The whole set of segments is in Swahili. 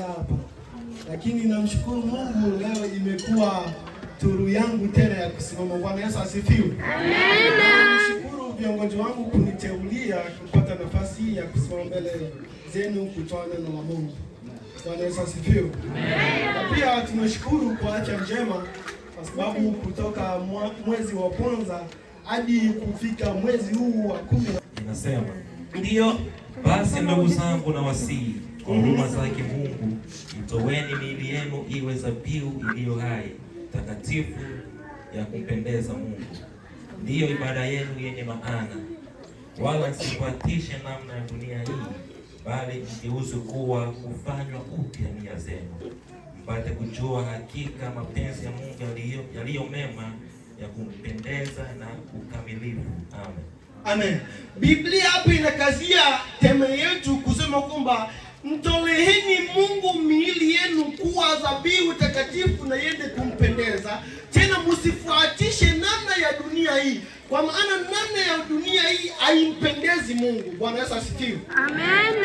Hapa lakini namshukuru Mungu leo imekuwa turu yangu tena ya kusimama. Bwana Yesu asifiwe. Amina. viongozi wangu kuniteulia kupata nafasi ya kusimama mbele zenu kutoa neno la Mungu. Bwana Yesu asifiwe. Na pia tunashukuru kwa afya njema, kwa sababu kutoka mwezi wa kwanza hadi kufika mwezi huu wa kumi, inasema ndiyo basi, ndugu zangu na wasii kwa huruma zake Mungu, mtoweni miili yenu iwe dhabihu iliyo hai, takatifu ya kumpendeza Mungu, ndiyo ibada yenu yenye maana. Wala msifuatishe namna ya dunia hii, bali mgeuze kuwa kufanywa upya nia zenu, mpate kujua hakika mapenzi ya Mungu yaliyo mema, ya kumpendeza na ukamilifu. Amen, amen. Biblia hapo inakazia tema yetu kusema kwamba mtoleheni Mungu miili yenu kuwa dhabihu takatifu na yende kumpendeza. Tena msifuatishe namna ya dunia hii, kwa maana namna ya dunia hii haimpendezi Mungu. Bwana Yesu asifiwe, amen.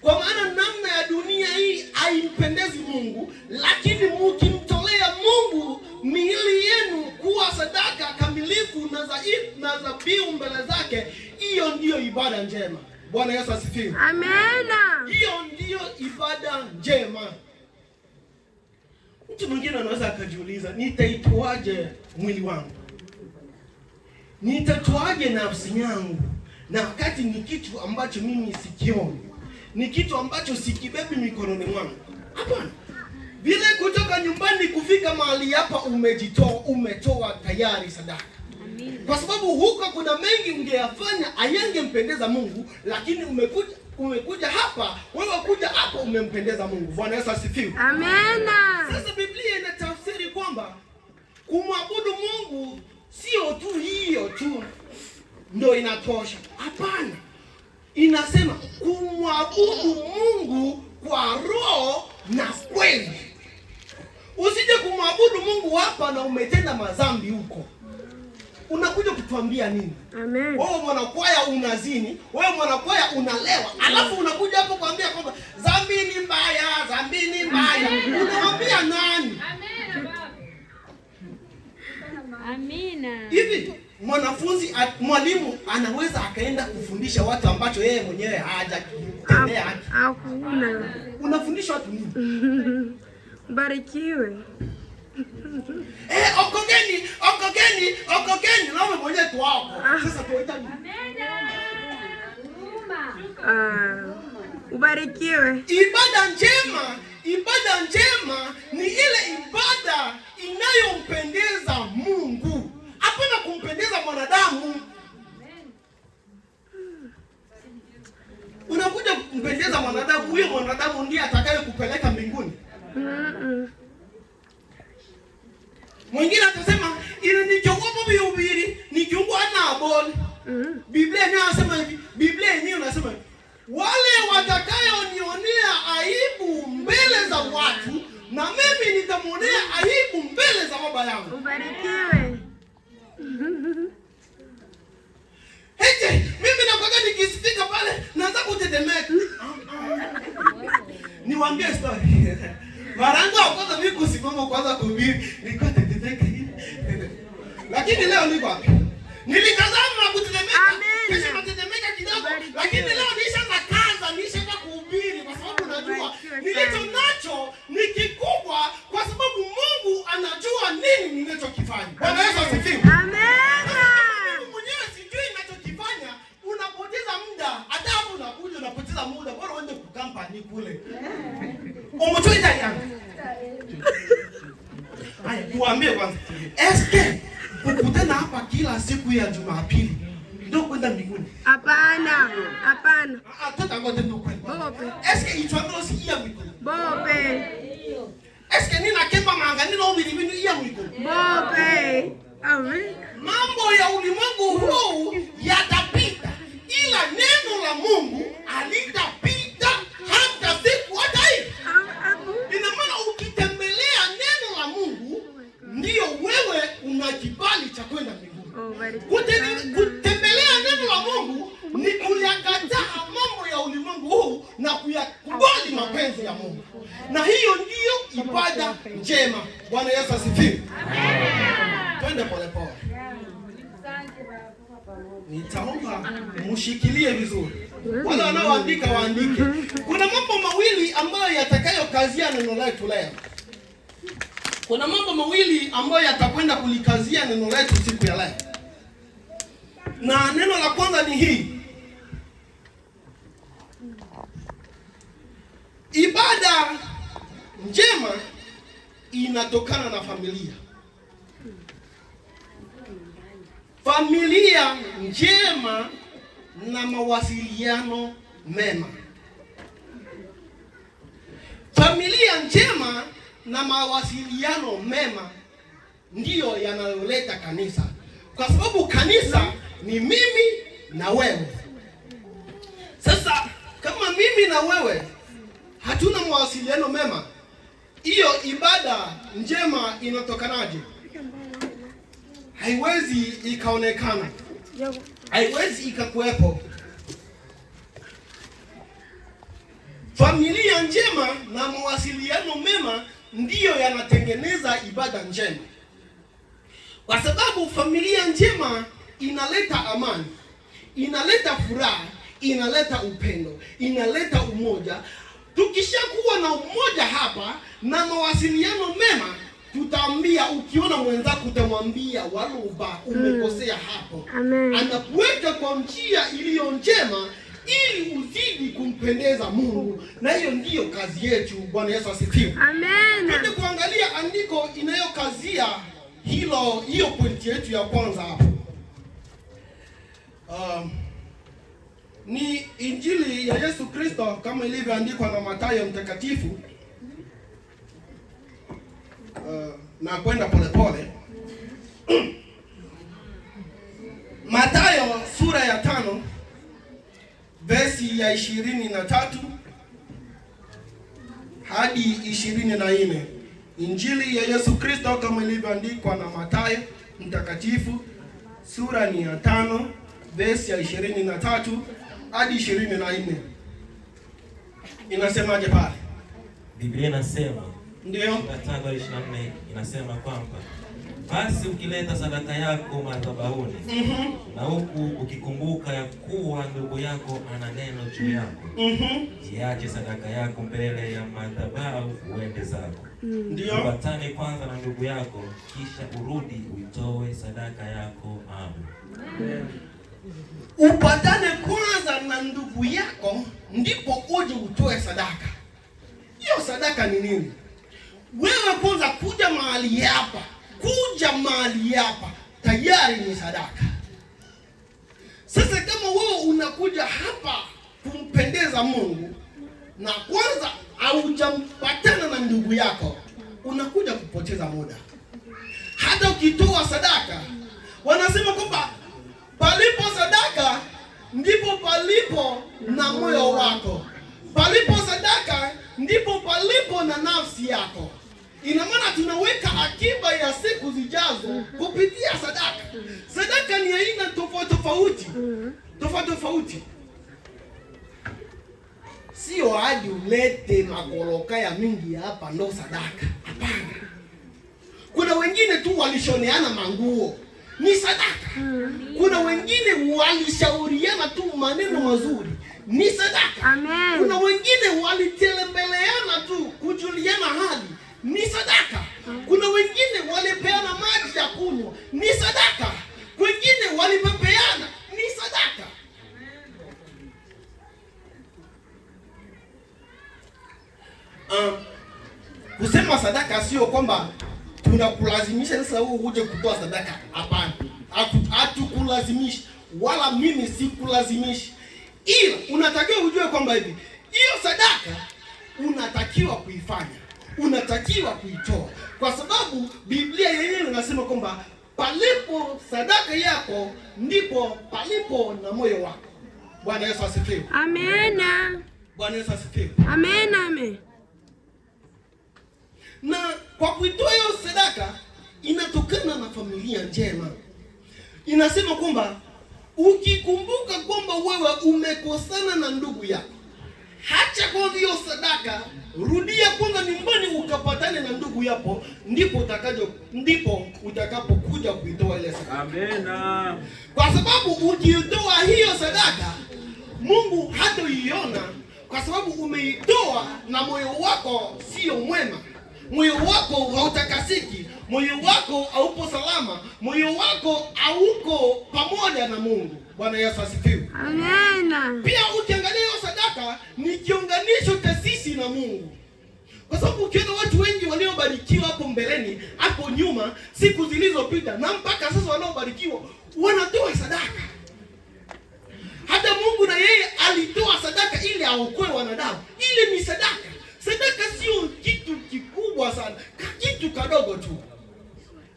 Kwa maana namna ya dunia hii haimpendezi Mungu, lakini mkimtolea Mungu miili yenu kuwa sadaka kamilifu na dhabihu na mbele zake, hiyo ndiyo ibada njema. Bwana Yesu asifiwe, amen. Hiyo njema. Mtu mwingine anaweza akajiuliza, nitaitoaje mwili wangu? Nitatoaje nafsi yangu? Na wakati ni kitu ambacho mimi sikioni, ni kitu ambacho sikibebi mikononi mwangu. Hapana, vile kutoka nyumbani kufika mahali hapa, umejitoa, umetoa tayari sadaka kwa sababu huko kuna mengi ungeyafanya ayangempendeza Mungu, lakini umekuja umekuja hapa wewe, kuja hapa umempendeza Mungu. Bwana Yesu asifiwe, Amen. Sasa Biblia inatafsiri kwamba kumwabudu Mungu sio tu hiyo tu ndio inatosha, hapana. Inasema kumwabudu Mungu kwa roho na kweli. Usije kumwabudu Mungu hapa na umetenda madhambi huko unakuja kutuambia nini? Amen. Wewe mwanakwaya unazini, wewe mwanakwaya unalewa, alafu unakuja hapo kuambia kwamba dhambi ni mbaya, dhambi ni mbaya. Unawaambia nani? Amina. Hivi mwanafunzi mwalimu anaweza akaenda kufundisha watu ambacho yeye mwenyewe hajatendea haki? Hakuna. Unafundisha watu nini? Barikiwe. Eh, okogeni, okogeni, okogeni na mmoja tu wako. Ah. Sasa tuita nini? Amina. Ah, ubarikiwe. Ibada njema, ibada njema ni ile ibada inayompendeza Mungu. Hapana kumpendeza mwanadamu. Unakuja kumpendeza mwanadamu, huyo mwanadamu ndiye atakayekupeleka mbinguni. Mm -mm. Mwingine atasema ili nichogopo bihubiri nikiungwa na abole. Mm. Biblia yenyewe inasema hivi. Biblia yenyewe inasema hivi. Wale watakayonionea aibu mbele za watu na mimi nitamuonea aibu mbele za baba yangu. Ubarikiwe. Hete, mimi nakwaka nikisifika pale naanza kutetemeka. Niwaambie story. Mara yangu ya kwanza mimi kusimama kwanza kuhubiri, nilikuwa meu amigo abre. Hapana. Hapana. Hata ngoja tukwe. Bope. Eske itwambia usikia mwiko? Bope. Eske nina kemba manga nina umiri binu iya mwiko? Bope. Amen. Mambo ya ulimwengu huu yatapita ila neno la Mungu halitapita hata siku hata hii. Ina maana ukitembelea neno la Mungu ndio wewe una kibali cha kwenda mbinguni. Oh, kuyakataa mambo ya ulimwengu huu na kuyakubali mapenzi ya Mungu, na hiyo ndiyo ibada njema. Bwana Yesu asifiwe. Twende polepole, nitaomba mshikilie vizuri wale wanaoandika waandike. Kuna mambo mawili ambayo yatakayokazia neno letu leo. Kuna mambo mawili ambayo yatakwenda kulikazia neno letu siku ya leo, na neno la kwanza ni hii Ibada njema inatokana na familia. Familia njema na mawasiliano mema. Familia njema na mawasiliano mema ndiyo yanayoleta kanisa, kwa sababu kanisa ni mimi na wewe. Sasa kama mimi na wewe hatuna mawasiliano mema, hiyo ibada njema inatokanaje? Haiwezi ikaonekana, haiwezi ikakuwepo. Familia njema na mawasiliano mema ndiyo yanatengeneza ibada njema, kwa sababu familia njema inaleta amani, inaleta furaha, inaleta upendo, inaleta umoja Tukishakuwa na umoja hapa na mawasiliano mema, tutaambia ukiona mwenzako utamwambia Waluba, umekosea hmm. hapo. Amen. Anakuweka kwa njia iliyo njema ili uzidi kumpendeza Mungu, na hiyo ndiyo kazi yetu. Bwana Yesu asifiwe. Amen. kuangalia andiko inayokazia hilo, hiyo pointi yetu ya kwanza hapo. Um, ni injili ya Yesu Kristo kama ilivyoandikwa na Mathayo mtakatifu. Uh, na kwenda polepole Mathayo sura ya tano vesi ya ishirini na tatu hadi ishirini na nne Injili ya Yesu Kristo kama ilivyoandikwa na Mathayo mtakatifu, sura ni ya tano vesi ya ishirini na tatu hadi ishirini na nne inasemaje pale? Biblia inasema ndio inasema kwamba basi ukileta sadaka yako madhabahuni mm -hmm. na huku ukikumbuka ya kuwa ndugu yako ana neno juu yako mm -hmm. jiache sadaka yako mbele ya madhabahu uende zako mm. ndio mm. upatane kwanza na ndugu yako, kisha urudi uitoe sadaka yako amu upatane kwanza na ndugu yako, ndipo uje utoe sadaka. Hiyo sadaka ni nini? Wewe kwanza kuja mahali hapa, kuja mahali hapa tayari ni sadaka. Sasa kama wewe unakuja hapa kumpendeza Mungu na kwanza haujampatana na ndugu yako, unakuja kupoteza muda. Hata ukitoa sadaka, wanasema kwamba Palipo sadaka ndipo palipo na moyo wako, palipo sadaka ndipo palipo na nafsi yako. Ina maana tunaweka akiba ya siku zijazo kupitia sadaka. Sadaka ni aina tofauti tofauti tofauti tofauti, sio aje ulete magoroka ya mingi hapa ndo sadaka. Hapana, kuna wengine tu walishoneana manguo ni sadaka. Kuna wengine walishauriana tu maneno mazuri ni sadaka. Kuna wengine walitembeleana tu kujuliana hali ni sadaka. Kuna wengine walipeana maji ya kunywa ni sadaka. Wengine walipepeana ni sadaka. Um, kusema sadaka sio kwamba tunakulazimisha sasa wewe uje kutoa sadaka? Hapana, hatukulazimishi wala mimi sikulazimishi, ila unatakiwa ujue kwamba hivi hiyo sadaka unatakiwa kuifanya, unatakiwa kuitoa, kwa sababu Biblia yenyewe inasema kwamba palipo sadaka yako ndipo palipo na moyo wako. Bwana Yesu asifiwe. Amena. Bwana Yesu asifiwe. Amena, amen na kwa kuitoa hiyo sadaka inatokana na familia njema. Inasema kwamba ukikumbuka kwamba wewe umekosana na ndugu yako, hacha kwa hiyo sadaka, rudia kwanza nyumbani ukapatane na ndugu yako, ndipo utakaje, ndipo utakapokuja kuitoa ile sadaka. Amena, kwa sababu ukiitoa hiyo sadaka Mungu hatoiona, kwa sababu umeitoa na moyo wako sio mwema moyo wako hautakasiki, moyo wako haupo salama, moyo wako hauko pamoja na Mungu. Bwana Yesu asifiwe, amen Pia ukiangalia hiyo sadaka ni kiunganisho cha sisi na Mungu, kwa sababu ukiona watu wengi waliobarikiwa hapo mbeleni, hapo nyuma, siku zilizopita na mpaka sasa, wanaobarikiwa wanatoa sadaka. Hata Mungu na yeye alitoa sadaka ili aokoe wanadamu, ile ni sadaka Sadaka sio kitu kikubwa sana, kitu kadogo tu.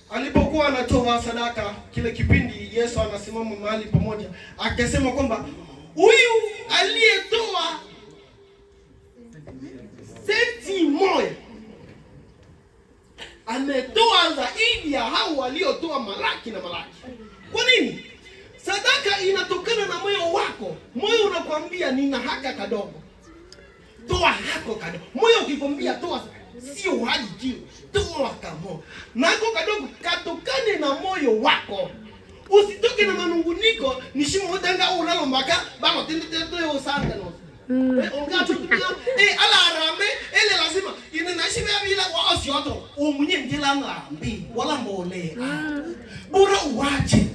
Alipokuwa anatoa sadaka kile kipindi, Yesu anasimama mahali pamoja, akasema kwamba huyu aliyetoa senti moya ametoa zaidi ya hao waliotoa malaki na malaki. Kwa nini? Sadaka inatokana na moyo wako. Moyo unakwambia nina haka kadogo toa hako kadogo. Moyo ukikwambia toa, sio haji jio, toa kamo nako kadogo, katokane na moyo wako. Usitoke na manunguniko nishimudanga unalombaka bano tendetetoyo osanga no Mm. Eh, onga tukuyo eh ala rambe ele lazima ina nashibe bila wa osyoto umunye ndila ngambi wala mbole mm. bora uache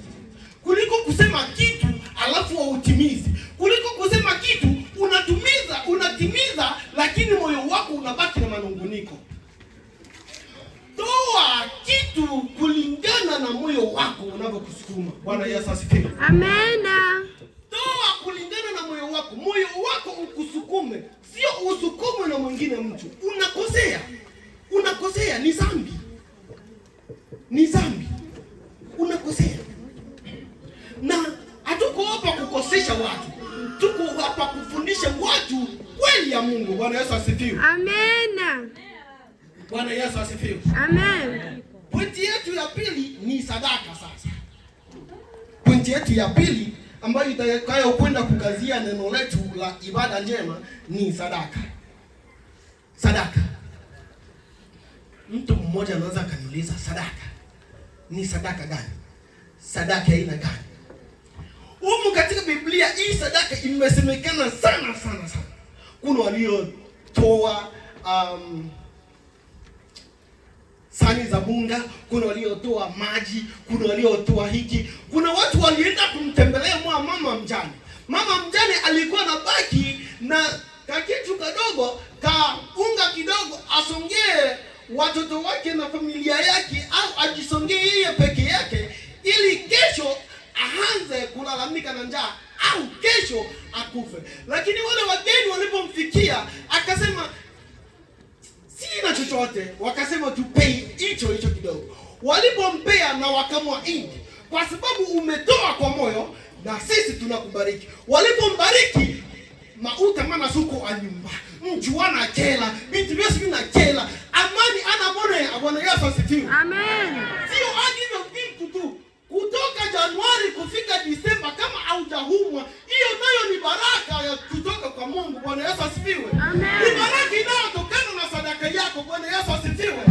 kuliko kusema kitu alafu wautimizi kuliko kusema kitu unatumia unatimiza, lakini moyo wako unabaki na manunguniko. Toa kitu kulingana na moyo wako unavyokusukuma. Bwana Yesu asifiwe. Amena. Toa kulingana na moyo wako, moyo wako ukusukume, sio usukumwe na mwingine mtu. Unakosea, unakosea, ni zambi ni zambi unakosea na hatuko hapa kukosesha watu hapa kufundisha watu kweli ya Mungu. Bwana Yesu asifiwe. Amen. Bwana Yesu asifiwe. Amen. Pointi yetu ya pili ni sadaka sasa. Pointi yetu ya pili ambayo itakayokwenda kukazia neno letu la ibada njema ni sadaka. Sadaka. Mtu mmoja anaweza akaniuliza sadaka ni sadaka gani? Sadaka aina gani? Humu katika Biblia hii sadaka imesemekana sana sana sana. Kuna waliotoa um, sani za bunga, kuna waliotoa maji, kuna waliotoa hiki. Kuna watu walienda kumtembelea mwa mama mjane. Mama mjane alikuwa na baki na kakitu kadogo kaunga kidogo, asongee watoto wake na familia yake, au ajisongee yeye peke yake, ili kesho aanze kulalamika na njaa au kesho akufe. Lakini wale wageni walipomfikia akasema sina chochote, wakasema tupei hicho hicho kidogo walipompea na wakamwahidi, kwa sababu umetoa kwa moyo na sisi tunakubariki. Walipombariki mauta mana suko anyumba mjuana binti bintu vina kela amani anamone abwana Yesu asifiwe, amen. Sio agivyo kutoka Januari kufika Disemba, kama haujahumwa, hiyo nayo ni baraka ya kutoka kwa Mungu. Bwana Yesu asifiwe. Ni baraka inayotokana na sadaka yako. Bwana Yesu asifiwe.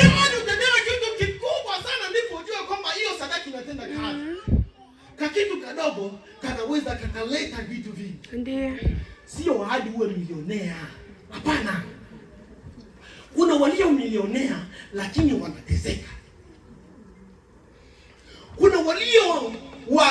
Simani utendewe kitu kikubwa sana, ndipo ujue kwamba hiyo sadaka inatenda kazi. Mm-hmm. Kakitu kadogo kanaweza kakaleta vitu vingi. Ndio, sio hadi uwe milionea. Hapana, kuna walio milionea lakini wanateseka walio wa,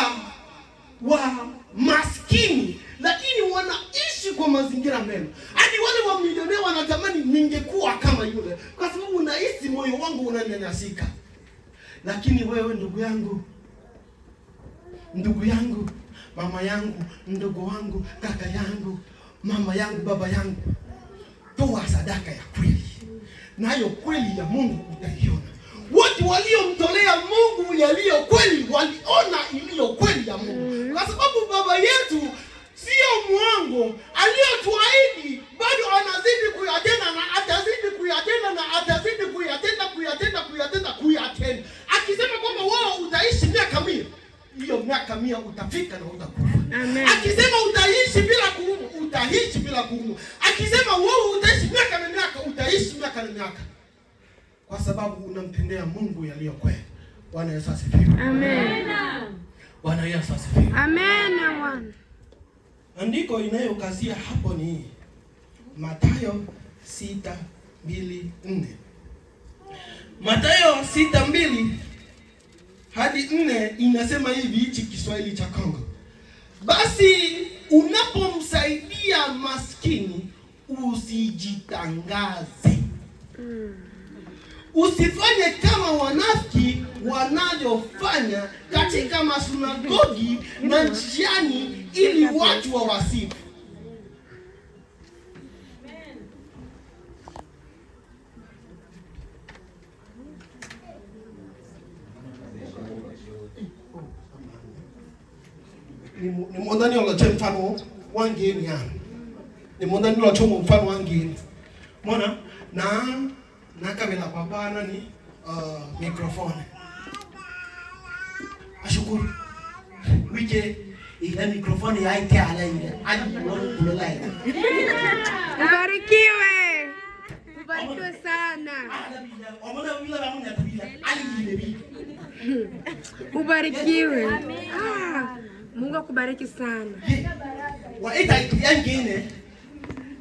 wa maskini, lakini wanaishi kwa mazingira mema. Hadi yaani wale wa milionea wanatamani ningekuwa kama yule, kwa sababu unahisi moyo wangu unanyanyasika. Lakini wewe ndugu yangu, ndugu yangu, mama yangu, mdogo wangu, kaka yangu, mama yangu, baba yangu, toa sadaka ya kweli, nayo kweli ya Mungu utaiona watu waliomtolea Mungu yaliyo kweli waliona iliyo kweli ya Mungu, kwa sababu baba yetu sio mwongo, aliyotuahidi sababu unamtendea Mungu yaliyo kweli. Bwana Yesu asifiwe. Amen. Bwana Yesu asifiwe. Amen. Bwana. Andiko inayokazia hapo ni Mathayo 6:24. Mathayo 6:2 hadi 4 inasema hivi hichi Kiswahili cha Kongo. Basi unapomsaidia maskini usijitangaze. Mm. Usifanye kama wanafiki wanavyofanya katika masunagogi na njiani, ili watu wawasifu. nimwonani olache mfano wangeni ano nimwonani olachomo mfano wangeni mwana na nakave napambana ni uh, mikrofoni. Ashukuru wike ile mikrofoni yaite ala ile hadi kuona kulela ile. Ubarikiwe. Ubarikiwe sana. Omona bila na mna bila ali ile bi. Ubarikiwe. Ah, Mungu akubariki sana. Waita yangine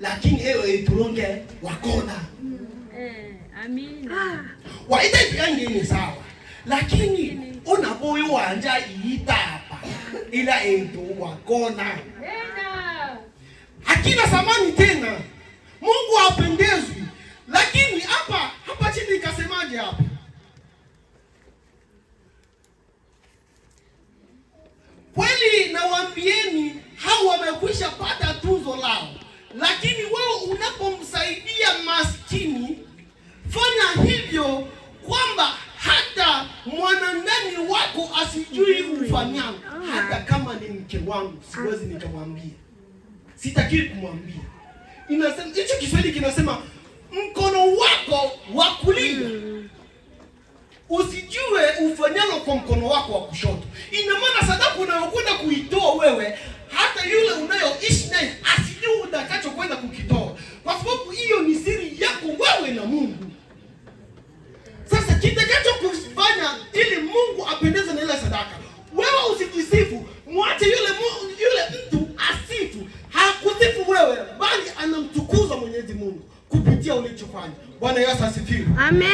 lakini ewe iturunge wakona. Mm. Eh. Amina. Waita ipikangeni sawa, lakini unabuyi wanja iyitapa ila enduwa kona akina samani tena. Mungu hapendezwi, lakini hapa hapa chini ikasemaje hapa kweli, nawaambieni hawa asijui ufanyalo ah. hata kama ni mke wangu siwezi ah. nikamwambia, sitakiwi kumwambia. Inasema hicho Kiswahili kinasema mkono wako wa kulia hmm. usijue ufanyalo kwa mkono wako wa kushoto. Ina maana sadaka unayokwenda kuitoa wewe, hata yule unayoishi naye asijue utakachokwenda kukitoa, kwa sababu hiyo ni siri yako wewe na Mungu. Sasa kitakacho kufanya ili Mungu apendeze na ile sadaka, wewe usikusifu mwache yule yule mtu asifu. Hakusifu wewe, bali anamtukuza Mwenyezi Mungu kupitia ulichofanya. Bwana Yesu asifiwe. Amen.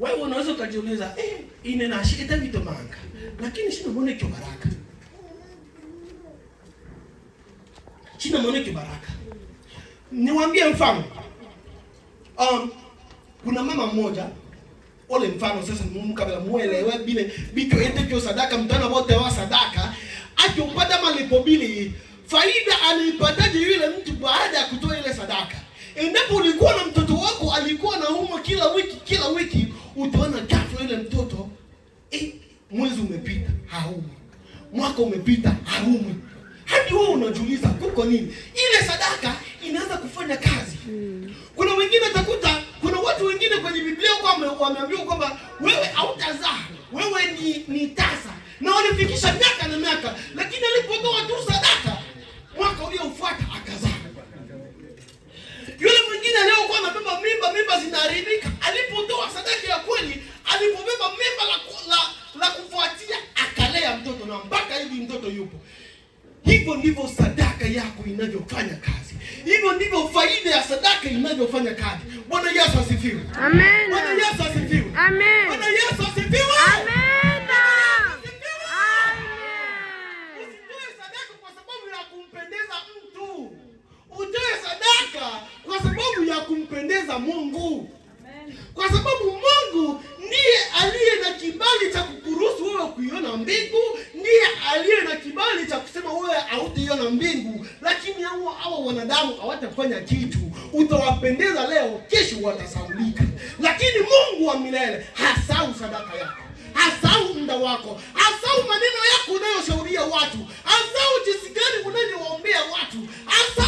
Wewe unaweza ukajiuliza eh, ine na nashikita vitu manga lakini sina mwone kyo baraka. Sina mwone kyo baraka. Niwaambie mfano. Um, kuna mama mmoja ole mfano sasa mumu kabla muelewe bile bitu ende kyo sadaka mtana wote wa sadaka akiupata malipo bili faida aliipataje yule mtu baada ya kutoa ile sadaka? Endapo ulikuwa na mtoto wako alikuwa na umo kila wiki kila wiki utaona gafu ile mtoto eh, mwezi umepita haumwi, mwaka umepita haumu hadi wewe unajiuliza kuko nini. Ile sadaka inaanza kufanya kazi. Hmm. Kuna wengine takuta kuna watu wengine kwenye Biblia wameambiwa kwamba wewe hautazaa, wewe ni, ni tasa, na walifikisha miaka na miaka, lakini alipotoa tu sadaka mwaka uliofuata akazaa. Yule mwingine aliyokuwa anabeba mimba, mimba zinaharibika. Alipotoa sadaka ya kweli, alipobeba mimba la, la, la kufuatia, akalea mtoto na mpaka hivi mtoto yupo. Hivyo ndivyo sadaka yako inavyofanya kazi. Hivyo ndivyo faida ya sadaka inavyofanya kazi. Bwana Yesu asifiwe. Amen. Bwana Yesu asifiwe. Amen. Bwana Yesu asifiwe. Amen. katika kwa sababu ya kumpendeza Mungu. Kwa sababu Mungu ndiye aliye na kibali cha kukuruhusu wewe kuiona mbingu, ndiye aliye na kibali cha kusema wewe hautaiona mbingu, lakini hao hao wanadamu hawatafanya kitu. Utawapendeza leo, kesho watasaulika, lakini Mungu wa milele hasau sadaka yako hasau muda wako, hasau maneno yako unayoshauria watu, hasau jinsi gani unavyowaombea watu, hasau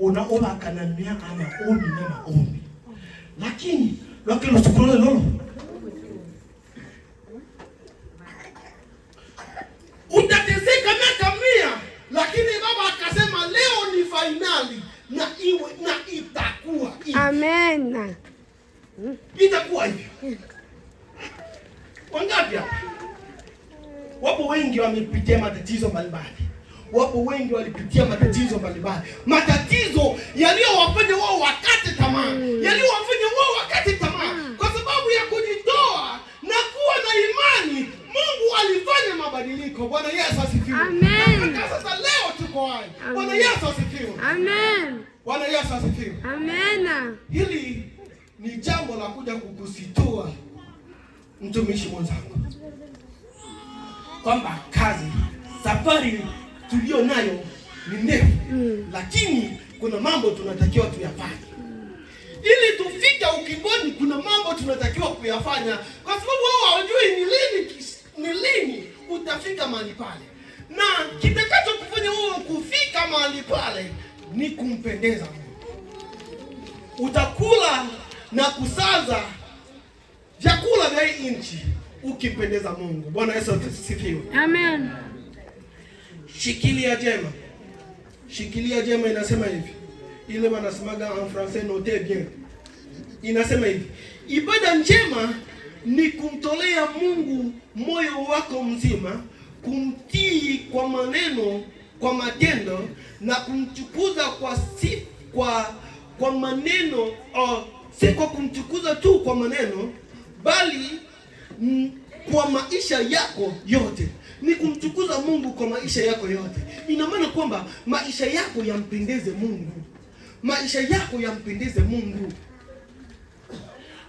unaona akanania anaombi na maombi, lakini lwakilusukulole lolo utateseka miaka mia, lakini baba akasema leo ni fainali na iwe na itakuwa hivi amen itakuwa hivi Wangapi wapo wengi wamepitia matatizo mbalimbali wapo wengi walipitia matatizo mbalimbali, matatizo yaliyowafanya wao wakate tamaa, mm. yaliyowafanya wao wakate tamaa. Mm. Kwa sababu ya kujitoa na kuwa na imani, Mungu alifanya mabadiliko. Bwana Yesu asifiwe, amen. Na sasa leo tuko hapa. Bwana Yesu asifiwe, amen. Bwana Yesu asifiwe, amen. Hili ni jambo la kuja kukusitua mtumishi mwenzangu, kwamba kazi, safari tulio nayo ni ndefu mm. Lakini kuna mambo tunatakiwa tuyafanye ili tufike ukingoni. Kuna mambo tunatakiwa kuyafanya, kwa sababu wao hawajui ni lini ni lini utafika mahali pale, na kitakacho kufanya wewe kufika mahali pale ni kumpendeza utakula na kusaza vyakula vya hii nchi ukimpendeza Mungu. Bwana Yesu asifiwe. Amen. Shikilia jema, shikilia jema inasema hivi, ile wanasemaga en français noter bien, inasema hivi, ibada njema ni kumtolea Mungu moyo wako mzima, kumtii kwa maneno, kwa matendo na kumtukuza kwa si, kwa kwa maneno uh, si kwa kumtukuza tu kwa maneno, bali m, kwa maisha yako yote ni kumtukuza Mungu kwa maisha yako yote. Ina maana kwamba maisha yako yampendeze Mungu, maisha yako yampendeze Mungu.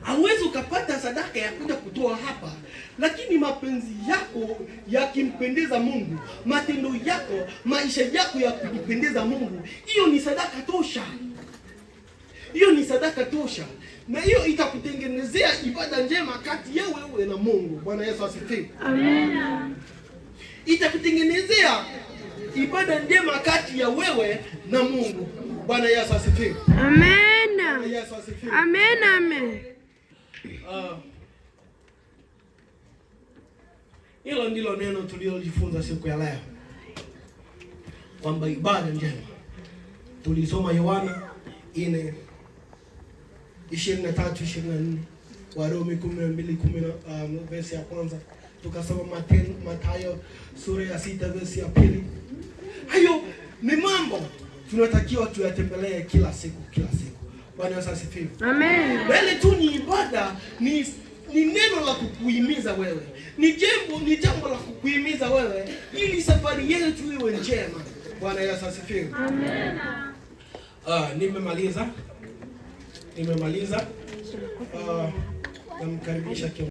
Hauwezi ukapata sadaka ya kuja kutoa hapa, lakini mapenzi yako yakimpendeza Mungu, matendo yako, maisha yako ya kumpendeza Mungu, hiyo ni sadaka tosha, hiyo ni sadaka tosha, na hiyo itakutengenezea ibada njema kati yewe wewe na Mungu. Bwana Yesu asifiwe, amen itakutengenezea ibada njema kati ya wewe na Mungu. Bwana Yesu asifiwe. Amen. Amen, amen. Uh, hilo ndilo neno tuliojifunza siku ya leo kwamba ibada njema tulisoma Yohana 4 23 24, Warumi 12 10 ah, verse ya kwanza tukasoma Mathayo sura ya sita verse ya pili. Hayo ni mambo tunatakiwa tuyatembelee kila siku kila siku. Bwana Yesu asifiwe. Amen. Bali tu ni ibada ni ni neno la kukuhimiza wewe, ni jambo ni jambo la kukuhimiza wewe, ili safari yetu iwe njema. Bwana Yesu asifiwe. Amen. Uh, nimemaliza nimemaliza. Uh, namkaribisha